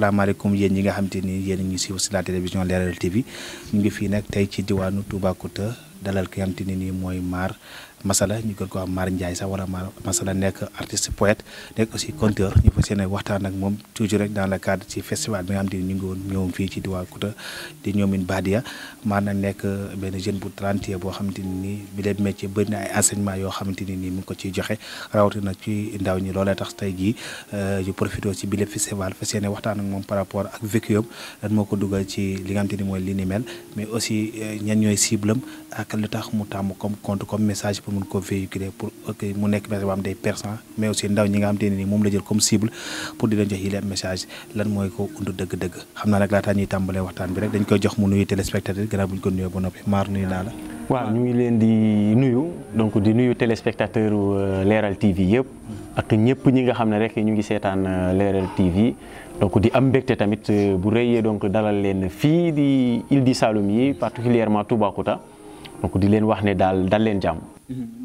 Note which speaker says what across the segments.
Speaker 1: asalaamaaleykum yéen ñi nga xam te ni yéen a ngi suivre si la télévision Leral TV ñu ngi fii nag tey ci diwaanu Toubacouta dalal ki nga xam ne nii mooy Mar Masala ñu gën ko am Mar Ndiaye sax wala Mar Masala nekk artiste poète nekk aussi conteur ñu fas yéene waxtaan ak moom toujours rek dans le cadre ci festival bi woon ñëwam fii ci diwaan Kouta di ñoomin Badia Mar nag nekk benn jeune bu trente boo xamante ne nii bi leen métier bëri na yoo xamante ne nii mu ngi ko ciy joxe rawatina ci ndaw ñi loolee tax tey jii euh, ñu profité ci bile festival fas yéene waxtaan ak moom par rapport ak vécu am moo ko dugal ci li nga xam ni mooy li ni mel mais aussi euh, ñan ñooy cible ak ak lu tax mu tàmm comme compte comme message pour mun ko véhiculer pour mu nekk message boo xam day persan mais aussi ndaw ñi nga xam te ne nii moom la jël comme cible pour di leen jox yi leen message lan mooy ko undu dëgg-dëgg xam naa nag laataa ñuy tàmbalee waxtaan bi rek dañ koy jox mu ñu ko nuyoo
Speaker 2: ba di nuyu donc di nuyu téléspectateur euh, Leral TV yëpp ak ñëpp ñi nga xam ne rek ñu ngi seetaan euh, Leral TV donc di am mbégte tamit euh, bu rëy donc dalal leen fii di Île di saalum yi particulièrement Toubacouta donc di leen wax ne daal dal leen jàmm.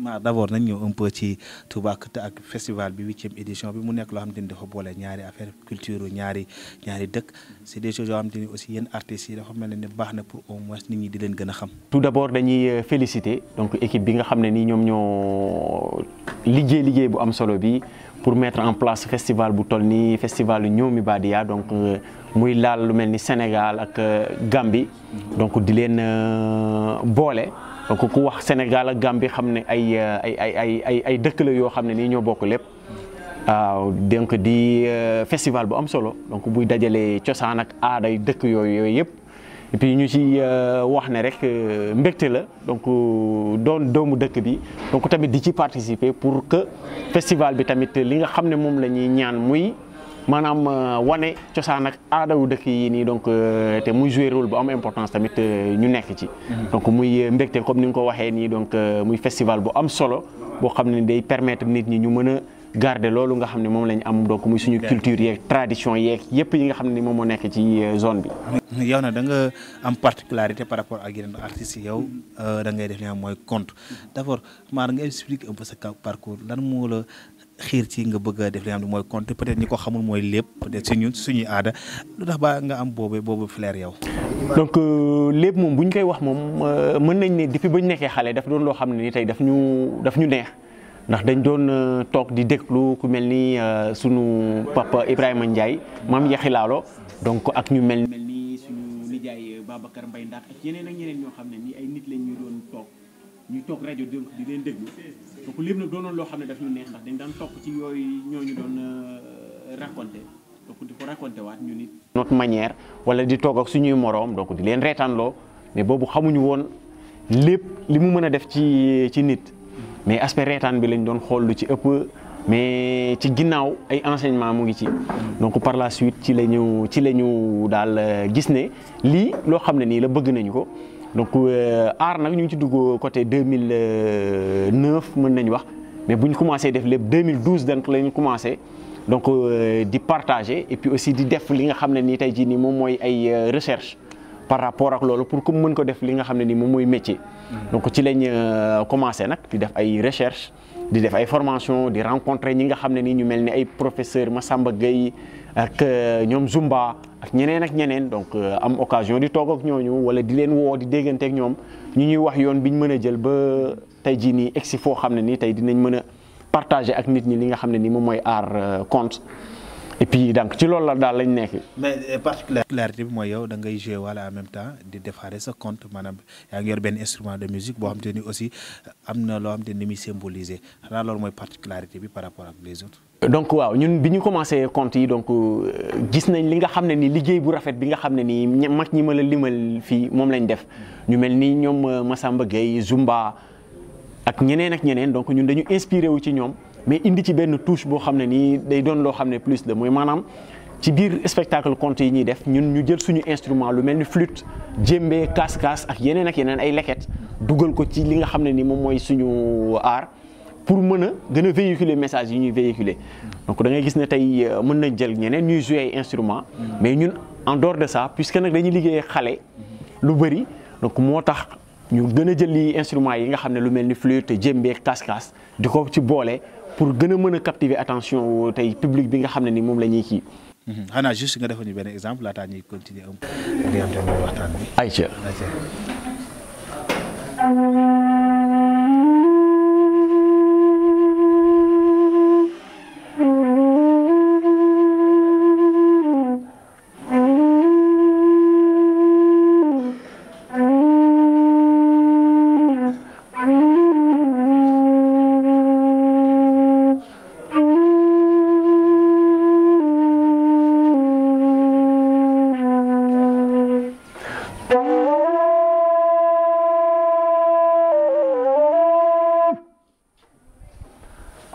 Speaker 1: ma d' abord nañ ñëw un peu ci Toubacouta ak festival bi huitième édition bi mu nekk loo xam ni dafa boole ñaari affaire culture ñaari ñaari dëkk c' est des choses yoo aussi yéen artistes yi dafa mel ne baax na pour au moins nit ñi di leen gën a xam.
Speaker 2: tout d' abord dañuy euh, féliciter donc équipe bi nga xam ne ni ñoom ñoo liggéey liggéey bu am solo bi. pour mettre en place festival bu toll nii festival yu ñoomi Badia donc euh, muy laal lu mel ni Sénégal ak euh, Gambie donc di leen euh, boole donc ku wax Sénégal ak Gambie xam ne ay ay ay ay ay dëkk la yoo xam ne nii ñoo bokk lépp. waaw donc di festival bu am solo donc buy dajalee cosaan ak aaday dëkk yooyu yooyu yëpp. et ñu ci euh, wax ne rek euh, mbégte la donc euh, doon doomu dëkk bi donc tamit di ci participer pour que festival bi tamit li nga xam ne moom la ñuy ñaan muy maanaam wane cosaan ak aadawu dëkk yi nii donc te muy jouer rôle bu am importance tamit ñu nekk ci. Mm-hmm. donc muy mbégte comme ni nga ko waxee nii donc muy festival bu am solo boo xam ne day permettre nit ñi ñu mën garder loolu nga xam ne moom lañ am donc muy suñu culture yeeg tradition yeeg yëpp yi nga xam ne moom moo nekk ci euh, zone bi.
Speaker 1: yow nag da nga am particularité par rapport ak yeneen artistes yow euh, da def li nga mooy conte d'abord nga expliquer un peu sa parcours lan moo la xiir ci nga bëgg a def li nga mooy conte peut-être ñi ko xamul mooy lépp peut-être suñu suñuy aada lu ba nga am boobu boobu flair yow.
Speaker 2: donc euh, lépp moom bu ñu koy wax moom mën nañ ne depuis ba ñu nekkee xale daf doon loo xam ne ni tey daf ñu daf ñu neex. ndax dañ doon euh, toog di déglu ku mel ni euh, sunu papa Ibrahima Ndiaye maam Yaxi Laalo donc ak ñu mel ni suñu nijaay Babacar Mbaye Ndaat ak yeneen ak yeneen ñoo xam ne nii ay nit lañ ñu doon toog ñu toog rajo donc di leen déglu donc lépp doonoon loo xam ne daf ñu neex ndax dañ daan toog ci yooyu ñooñu doon euh, raconté donc di ko manière wala di toog ak suñuy moroom donc di leen reetaanloo mais boobu xamuñu woon lépp li mu mën a def ci ci nit mais aspect reetaan bi lañ doon xool lu ci ëpp mais ci ginnaaw ay enseignement mu ngi ci donc par la suite ci la ñu ci la ñu daal euh, gis ne lii loo xam ne nii la bëgg nañu ko donc euh, aar nag ñu ci dugg côté 2009 mën nañ wax mais bu ñu commencé def lépp 2012 donc la ñu commencé donc euh, di partager et puis aussi di def li nga xam ne nii tey jii nii moom mooy ay recherche par rapport ak loolu pour comme mën ko def li nga xam ne ni moom mooy métier. Mm-hmm. donc ci lañ euh, commencé nag di def ay recherche di def ay formation di rencontrer ñi nga xam ne nii ñu mel ni ay professeur Massamba Gueye ak euh, ñoom Zumba ak ñeneen ak ñeneen donc euh, am occasion di toog ak ñooñu wala di leen woo di déggante ak ñoom ñu ñuy wax yoon bi ñu mën a jël ba tey jii nii egsi foo xam ne nii tey dinañ mën a partager ak nit ñi li nga xam ne nii moom mooy Art Conte et puis donc ci loolu la daal lañ nekk.
Speaker 1: mais euh, particularité bi mooy yow da ngay jouer wala en même temps di defaare sa compte maanaam yaa ngi yor benn instrument de musique boo xam ne ni aussi euh, am na loo xam te ni muy symboliser xanaa loolu mooy particularité bi par rapport ak les autres.
Speaker 2: donc waaw ñun bi ñu commencé compte yi donc euh, gis nañ li nga xam ne ni liggéey bu rafet bi nga xam ne nii mag ñi ma la limal fii moom lañ def ñu mel ni ñoom Massamba Gueye Zumba ak ñeneen ak ñeneen donc ñun dañu inspiré wu ci ñoom. mais indi ci benn touche boo xam ne nii day doon loo xam ne plus de mooy maanaam ci biir spectacle conte yi ñuy def ñun ñu jël suñu instrument lu mel ni flûte jémbe kaas ak yeneen ak yeneen ay leket dugal ko ci li nga xam ne ni moom mooy suñu art pour mën a gën a véhiculer message yi ñuy véhiculer donc da gis ne tey euh, mën nañ jël ñeneen ñuy jouer instrument mais ñun en de ça puisque nag dañuy liggéey xale lu bëri donc moo tax ñu gën a jël li instrument yi nga xam ne lu mel ni flûte jémbe kaas-kaas di ko ci boole pour gën a mën a captiver attention tey public bi nga xam ne ni moom la ñuy kii.
Speaker 1: Mhm. xanaa juste nga defal ñu benn exemple laataa ñuy continuer am. di am waxtaan bi. ayca.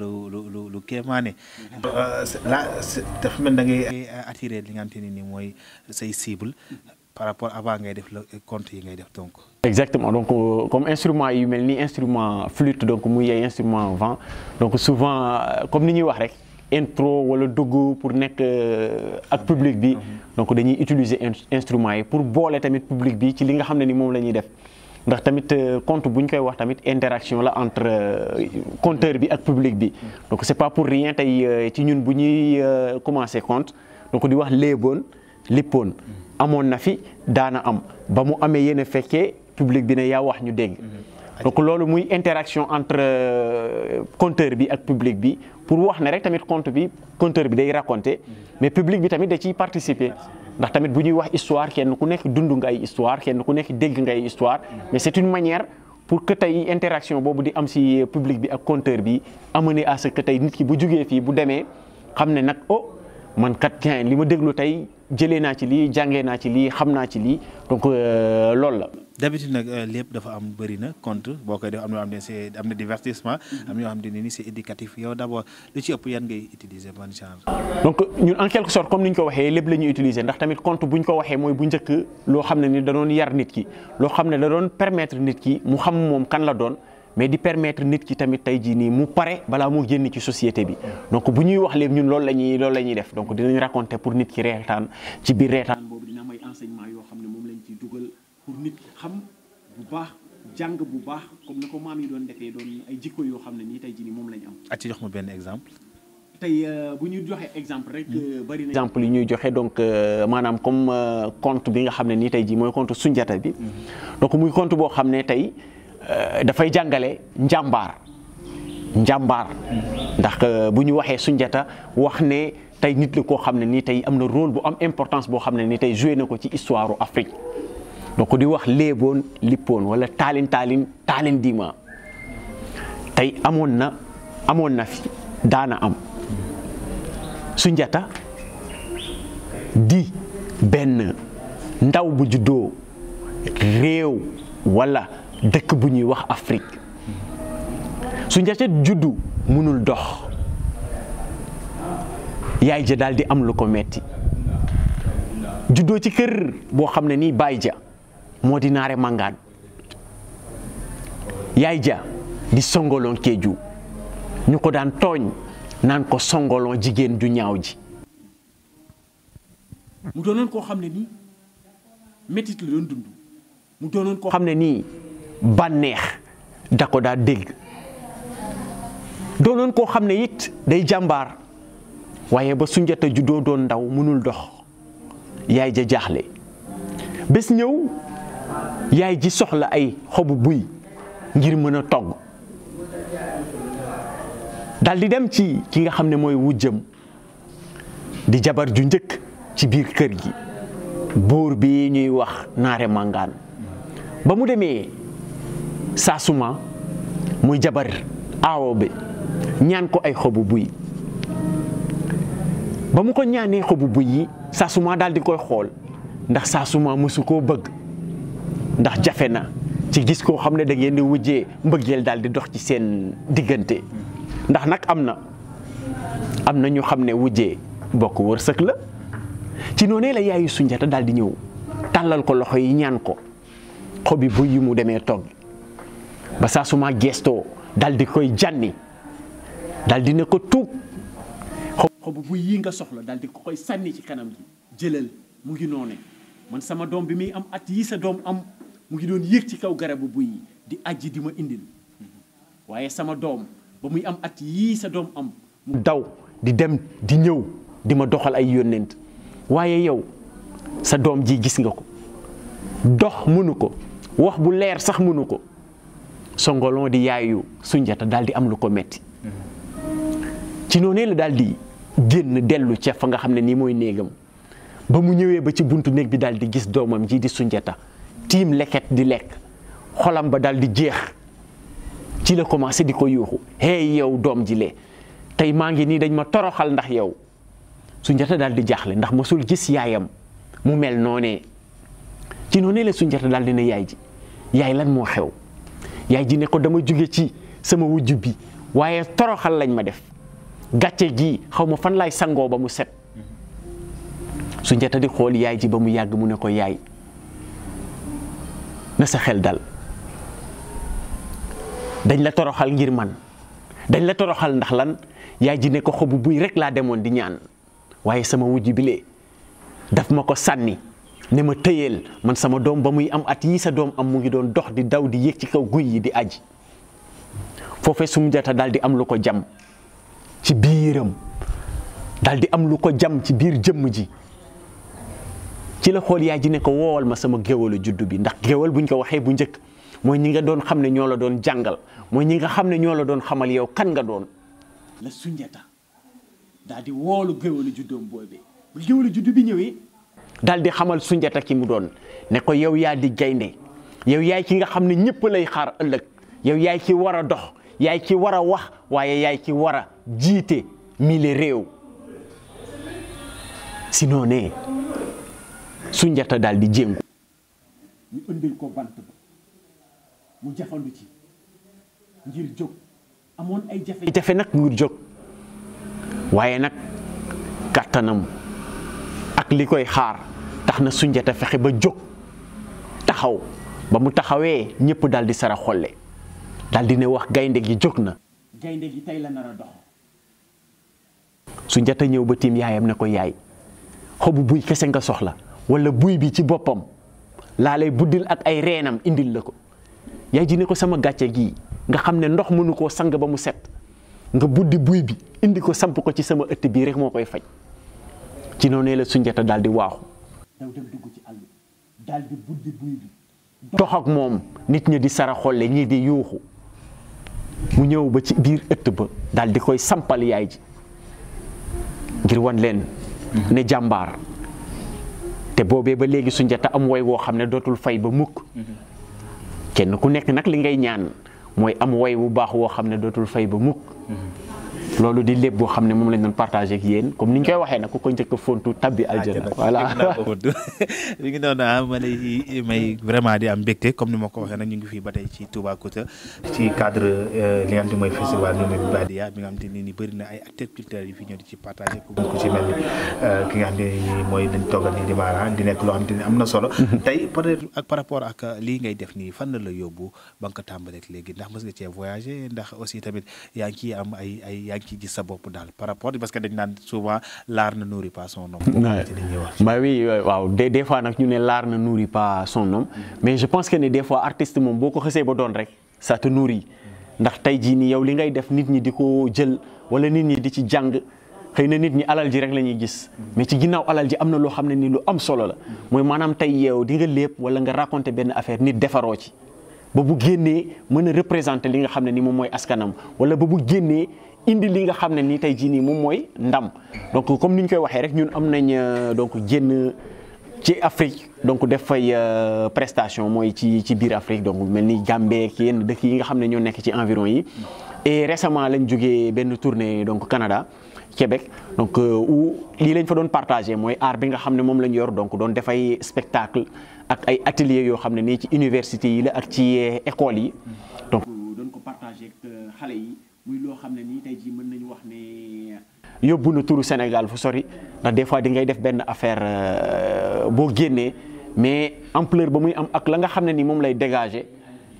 Speaker 1: lu lu lu lu kéemaane. Mm-hmm. Uh, la dafa mel da ngay attiré li nga xamante ne nii mooy say cible par rapport avant ngay def le compte yi ngay def donc.
Speaker 2: exactement donc euh, comme instrument yu mel ni instrument flûte donc muy ay instrument vent donc souvent euh, comme ni ñuy wax rek. intro wala dugg pour nekk euh, ak public bi mm-hmm. donc dañuy utiliser instruments yi pour boole tamit public bi ci li nga xam ne ni moom la ñuy def ndax tamit euh, compte bu ñu koy wax tamit interaction la entre euh, compteur bi ak public bi donc c'est pas pour rien tey euh, ci ñun bu ñuy commencer compte donc di wax léeboon lippoon amoon na fi daana am ba mu amee yéen fekkee public bi ne yaa wax ñu dégg mm-hmm. donc loolu muy interaction entre compteur bi ak public bi pour wax ne rek tamit compte bi compteur bi day raconter mm-hmm. mais public bi tamit da ci participer ndax tamit bu ñuy wax histoire kenn ku nekk dund nga ay histoire kenn ku nekk dégg nga ay histoire mais c'est une manière pour que tey interaction boobu di am ci public bi ak compteur bi amené à ce que tey nit ki bu jugee fii bu demee xam ne nag oh man kat tiens li ma déglu tey jëlee naa ci lii jàngee naa ci lii xam naa ci lii donc euh, loolu la.
Speaker 1: d'habitude nag euh, lépp dafa am bëri na compte boo ko def am na am ne c'est am na divertissement mhm. am na yoo xam ne ni c'est éducatif yow donc
Speaker 2: ñun en comme ni ñu ko waxee lépp la ñuy utiliser ndax tamit compte bu ñu ko waxee mooy bu njëkk loo xam ne ni da yar nit ki loo xam ne da doon permettre nit ki mu xam moom kan la doon. mais di permettre nit ki tamit tey jii nii mu pare balaa mu génn ci société bi donc bu ñuy wax léegi ñun loolu la ñuy loolu la ñuy def donc dinañ raconter pour nit ki reetaan ci biir reetaan boobu dina may enseignement pour nit xam bu baax jàng bu baax comme na ko maam yi doon defee doon ay jikko yoo xam ne nii tey ji nii moom la ñu am. a ci jox ma benn exemple. tey euh, bu ñu joxee exemple hmm? euh, bari na yi ñuy joxe donc euh, maanaam comme compte bi nga xam ne nii tey jii mooy compte Sunjata bi. Hmm. donc muy compte boo xam ne tey dafay jàngale njàmbaar. njàmbaar. Hmm. ndax bu ñu waxee Sunjata wax ne tey nit la koo xam ne nii tey am na rôle bu am importance boo xam ne nii tey joué na ko ci histoire Afrique. donc di wax léeboon lippoon wala taalin taalin dima diima tey amoon na amoon na fi daana am Sunjata di benn ndaw bu juddoo réew wala dëkk bu ñuy wax Afrique Sunjata juddu mënul dox yaay ja daal di am lu ko metti juddoo ci kër boo xam ne ni baay ja moo di naare mangaan yaay ja di songolon keeju ñu ko daan tooñ naan ko songolon jigéen ju ñaaw ji mu doonoon koo xam ne nii métit la koo xam ne nii bànneex da ko daa dégg doonoon koo xam ne it day jàmbaar waaye ba sunjata juddoo doon ndaw mënul dox yaay ja jaaxle bés ñëw yaay ji soxla ay xobu buy ngir mën a togg dal di dem ci ki nga xam ne mooy wujjam di jabar ju njëkk ci biir kër gi buur bi ñuy wax naare màngaan ba mu demee saasuma muy jabar aawo bi ñaan ko ay xobu buy ba mu ko ñaanee xobu buy yi saasuma daal di koy xool ndax saasuma mësu koo bëgg ndax jafe na ci gis koo xam ne da ngeen di wujjee mbëggeel daal di dox ci seen diggante ndax nag am na am na ñu xam ne wujje bokk wërsëg la ci noonee la yaayu Sunjata daal di ñëw tàllal ko loxo yi ñaan ko xobi buy yi mu demee togg ba saa suma gestoo dal di koy jànni dal di ne ko tuub xobu buy yi nga soxla daal di ko koy sànni ci kanam gi jëlal mu ngi noone man sama doom bi muy am at yi sa doom am mu ngi doon yéeg ci kaw garabu buy yi di ajji di ma indil waaye sama doom ba muy am at yii sa doom am mu daw di dem di ñëw di ma doxal ay yónnent waaye yow sa doom ji gis nga ko dox mënu ko wax bu leer sax mënu ko songolon di yaayu sunjata daal di am lu ko metti ci noonee la daal di génn dellu ca fa nga xam ne nii mooy néegam ba mu ñëwee ba ci buntu néeg bi daal di gis doomam jii di sunjata tiim leket di lekk xolam ba dal di jeex ci la commencé di ko yuuxu hey yow doom ji lee tey maa ngi nii dañ ma toroxal ndax yow Sunjata daal di jaaxle ndax mësul gis yaayam mu mel noonee ci noonee la Sunjata daal di ne yaay ji yaay lan moo xew yaay ji ne ko dama jóge ci sama wujj bi waaye toroxal lañ ma def gàcce gi xaw ma fan laay sangoo ba mu set Sunjata di xool yaay ji ba mu yàgg mu ne ko yaay na sa xel dal dañ la toroxal ngir man dañ la toroxal ndax lan yaay ji ne ko xobu buy rekk laa demoon di ñaan waaye sama wujj bile daf ma ko sànni ne ma tëyeel man sama doom ba muy am at yii sa doom am mu ngi doon dox di daw di yéeg ci kaw guy yi di aji foofee sum jata di am lu ko jam ci biiram daal di am lu ko jam ci biir jëmm ji ci la xool yaay ji ne ko woowal ma sama géwalu juddu bi ndax bu buñ ko waxee bu njëkk mooy ñi nga doon xam ne ñoo la doon jàngal mooy ñi nga xam ne ñoo la doon xamal yow kan nga doon la Sunjata daal di woolu géwalu juddoom juddu bi ñëwee daal di xamal Sunjata ki mu doon ne ko yow yaa di gaynde yow yaay ki nga xam ne ñëpp lay xaar ëllëg yow yaay ki war a dox yaay ki war a wax waaye yaay ki war a jiite mille réew si noonee Sunjata daal di jéngu ñu mu jafandu ci ngir jóg amoon ay jafe nag ngir jóg waaye nag kàttanam ak li koy xaar tax na Sunjata fexe ba jóg taxaw ba mu taxawee ñëpp daal di sara xolle daal di ne wax gaynde gi jóg na gaynde gi tey la nar ñëw ba tiim yaayam ne ko yaay xob buy kese nga soxla wala buy bi ci boppam laa lay buddil ak ay reenam indil la ko yaay ji ne ko sama gàcce gii nga xam ne ndox mënu koo sang ba mu set nga buddi buy bi indi ko samp ko ci sama ëtt bii rek moo koy faj ci noonee la sunjata daal di waaxu daw dem ak moom nit ñi di sara xolle ñii di yuuxu mu ñëw ba ci biir ëtt ba daal di koy sampal yaay ji ngir wan leen ne jàmbaar te boobee ba léegi Sunjata am woy woo xam ne dootul fay ba mukk kenn ku nekk nag li ngay ñaan mooy am woy wu baax woo xam ne dootul fay ba mukk loolu di lépp boo xam ne moom lañ doon partagé ak yéen comme ni ñu koy waxee nag ku ko njëkk a fontu tabbi aljana voilà
Speaker 1: ah, may vraiment di am mbégte comme ni ma ko waxee nag ñu ngi fii ba tey ci Toubacouta ci cadre euh, li nga xam ne mooy festival Noumébi Badia bi nga xam ne ni bëri na ay acteurs yi fi ñëw di ci partagé ku euh, ne mooy dañ toogal ni di maara di nekk loo xam te ne am na solo tey peut-être ak par rapport ak euh, lii ngay def nii fan la la yóbbu ba nga ko tàmbaleeg léegi ndax mës nga cee voyagé ndax aussi tamit yaa ngi am ay ay ci gis sa bopp daal par rapport parce que dañ naan souvent l'art ne nourrit pas son
Speaker 2: homme. waaw des des fois ñu ne l'art ne nourrit pas son homme mm. mais je pense que ne des fois artiste moom boo ko xësee ba doon rek ça te nourrit ndax tey jii nii yow li ngay def nit ñi di ko jël wala nit ñi di ci jàng. xëy na nit ñi alal ji rek la ñuy gis mm. mais ci ginnaaw alal ji am na loo xam ne ni lu am solo la mm. mooy maanaam tey yow di nga lépp wala nga raconter benn affaire nit defaroo ci ba bu génnee mën a représenter li nga xam ne ni moom mooy askanam indi li nga xam ne nii tey jii nii moom mooy ndam donc comme ni ñu koy waxee rek ñun am nañ euh, donc génn ci Afrique donc def fay euh, prestation mooy ci ci biir Afrique donc mel ni Gambie ak yenn dëkk yi nga xam ne ñoo nekk ci environ yi et récemment lañ jógee benn tournée donc Canada Québec donc euh, lii lañ fa doon partagé mooy art bi nga xam ne moom lañ yor donc doon defay spectacle ak ay atelier yoo xam ne nii ci université yi la ak ci école yi donc doon ko partagé xale yi muy loo xam ne nii tey jii mën nañu wax ne. yóbbu na turu Sénégal fu sori ndax des fois di ngay def benn affaire euh, boo génnee mais ampleur ba muy am ak la nga xam ne nii moom lay dégager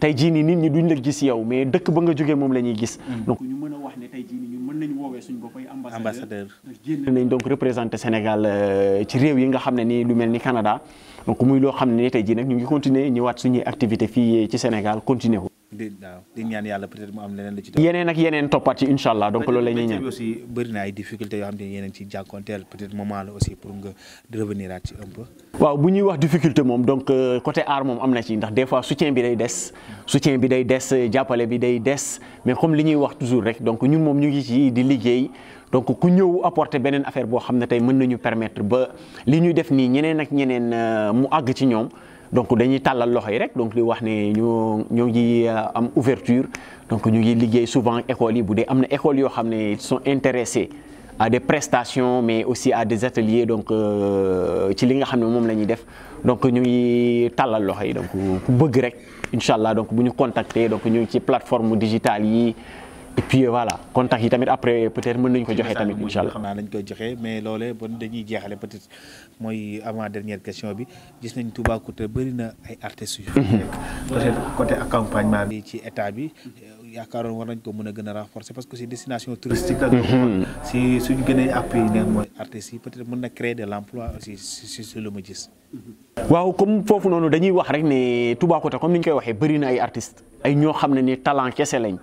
Speaker 2: tey jii nii nit ñi duñ la gis yow mais dëkk ba nga jógee moom la ñuy gis. Mm. donc ñu mën a wax ne tey jii suñ bopp ay ambassadeur génn nañ donc représenté Sénégal euh, ci réew yi nga xam ne nii lu mel ni Canada donc muy loo xam ne tey jii nag ñu ngi continuer ñëwaat suñuy activité fii ci Sénégal continuer ko.
Speaker 1: di waaw di ñaan yàlla peut-être mu am leneen lu ci.
Speaker 2: yeneen ak yeneen toppat ci incha allah donc loolu la ñuy ñaan
Speaker 1: aussi bëri na ay difficultés yoo xam ne yeneen ci jànkonteel peut-être moment la aussi pour nga revenir aat ci un peu.
Speaker 2: waaw bu ñuy wax difficulté moom donc euh, côté art moom am na ci ndax des fois soutien bi day des soutien bi day des jàppale bi day des mais comme li ñuy wax toujours rek donc ñun moom ñu ngi ci di liggéey. donc ku ñëw apporter beneen affaire boo xam ne tey mën nañu permettre ba li ñuy def nii ñeneen ak ñeneen euh, mu àgg ci ñoom donc dañuy tàllal loxo yi rek donc di wax ne ñu ñoo ngi euh, am ouverture donc ñu ngi liggéey souvent écoles yi bu dee am na écoles yoo xam ne ils sont intéressés à des prestations mais aussi à des ateliers donc euh, ci li nga xam ne moom la ñuy def donc ñu ngi tàllal loxo yi donc ku bëgg rek incha allah donc bu ñu contacter donc ñu ngi ci plateforme digitale yi. et puis euh, voilà contact yi tamit après peut-être mën nañu ko joxe tamit incha allah xam
Speaker 1: naa koy joxe mais loolee bon dañuy jeexale peut-être mooy avant dernière question bi gis nañ Toubacouta bëri na ay artistes yu mhm. nekk peut-être côté accompagnement bi ci état bi euh, yaakaaroon war nañ ko mën a gën a renforcer parce que c'est destination touristique mhm. ne mooy artistes yi peut-être mën na créer de l'emploi aussi si si lu ma gis mhm.
Speaker 2: waaw comme foofu noonu dañuy wax rek ne Toubacouta comme ni ñu koy waxee bëri na ay artistes ay ñoo xam ne ni talent kese lañ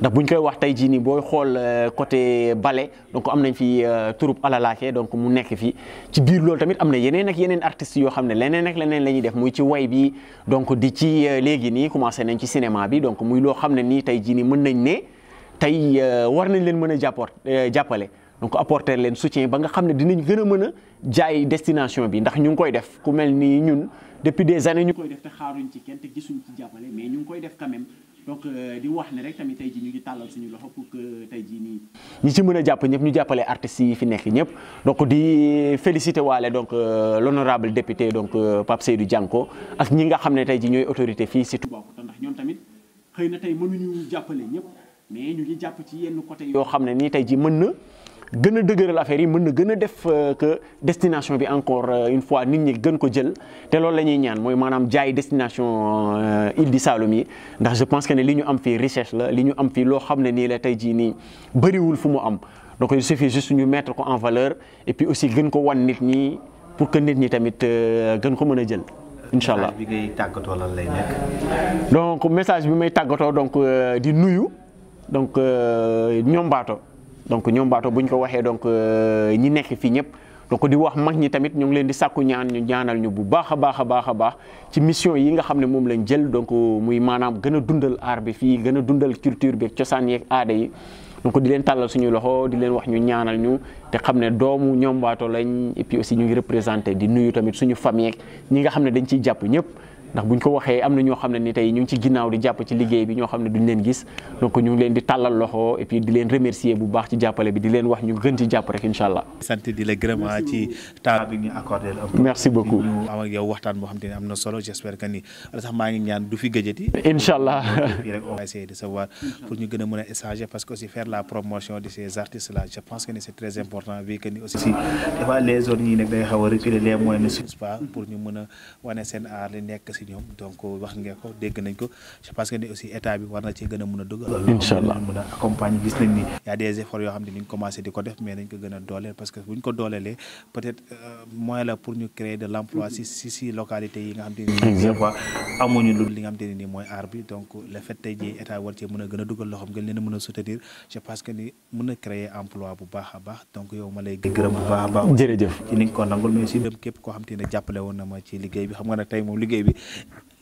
Speaker 2: ndax bu koy wax tey jii nii booy xool euh, côté bale donc am nañ fi euh, troupe alalaake donc mu nekk fi ci biir loolu tamit am na yeneen ak yeneen artistes yoo xam ne leneen ak leneen la ñuy def muy ci way bi donc di ci euh, léegi nii commencé nañ ci cinéma bi donc muy loo xam ne nii tey jii nii mën nañ ne tey war nañ leen mën a jàppoor jàppale donc apporter leen soutien ba nga xam ne dinañ gën a mën a jaay destination bi ndax ñu ngi koy def ku mel ni ñun depuis des années ñu koy def te xaaruñ ci kenn te gisuñ ci jàppale mais ñu ngi koy def quand donc euh, di wax ne rek tamit tey ji ñu ngi tàllal suñu loxo pour que euh, tey jii nii. ñi ci mën a jàpp ñëpp ñu jàppale artistes yi fi nekk ñëpp donc di féliciter waale donc euh, l'honorable député donc Pape Seydou Dianko ak ñi nga xam ne tey jii ñooy autorité fii si Touba ndax ñoom tamit xëy na tey mënuñu jàppale ñëpp mais ñu ngi jàpp ci yenn côté yoo xam ne nii tey jii mën na. gën a dëgëral affaire yi mën na gën a def euh, que destination bi encore euh, une fois nit ñi gën ko jël te loolu la ñuy ñaan mooy maanaam jaay destination euh, île di Saloum yi ndax je pense que ne li ñu am fii recherche la li ñu am fii loo xam ne nii la te jii nii bëriwul fu mu am donc il suffit juste ñu mettre ko en valeur et puis aussi gën ko wan nit ñi pour que nit ñi tamit gën ko mën a jël. incha allah
Speaker 1: message tàggatoo lan lay
Speaker 2: donc message bi may tàggatoo donc di nuyu donc ñombaato donc ñoom baato bu ñu ko waxee donc euh, ñi nekk fii ñëpp donc di wax mag ñi tamit ñu leen di sàkku ñaan ñu ñaanal ñu bu baax a baax a baax a baax ci mission yi nga xam ne moom lañ jël donc euh, muy maanaam gën a dundal aar bi fii gën a dundal culture bi cosaan yeeg aada yi donc di leen tàllal suñu loxo di leen wax ñu ñaanal ñu te xam ne doomu ñoom baato lañ et puis aussi ñu ngi représenté di nuyu tamit suñu famille ñi nga xam ne dañ ciy jàpp ñëpp ndax buñ ko waxee am na ñoo xam ne ni tey ñu ñu leen di tàllal loxo et di leen remercier bu baax ci jàppale bi di leen wax ñu gën ci jàpp rek incha allah.
Speaker 1: ne am na solo j' espère que ni sax maa ngi ñaan du pour ñu gën a mën a échanger parce que aussi faire la promotion de ces artistes là je pense que ni c' est important vu que aussi. si les zones yi nag day xaw a reculer les moyens n'est-ce pas pour ñu mën wane seen aar li nekk ci ñoom donc wax ngeen ko dégg nañ ko je pense que ni aussi état bi war na cee gën a mën a dugg. incha allah mën a accompagner gis nañ ni. y a des efforts euh, yi nga mooy aar bi donc le fait tey jii état war cee mën a gën a dugal loxoom gën leen a mën a soutenir je pense que ni mën a créer emploi bu baax a baax donc yow ma lay gërëm bu baax a baax. jërëjëf ci ni ko nangul mais aussi képp koo xam te ne jàppale woon na ma ci liggéey bi xam nga nag tey moom liggéey bi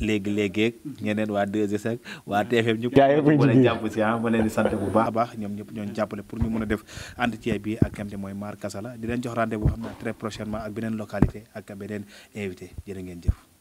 Speaker 1: léegi léegi ñeneen waa 2S waa TFM ñu ko leen jàpp si ah ma leen di sant bu baax a baax ñoom ñëpp ñoon jàppale pour ñu mun a def entretien bi ak kamte mooy Mar Kasala di leen jox rendez boo xam ne très prochainement ak beneen localité ak beneen invité jërë ngeen jëf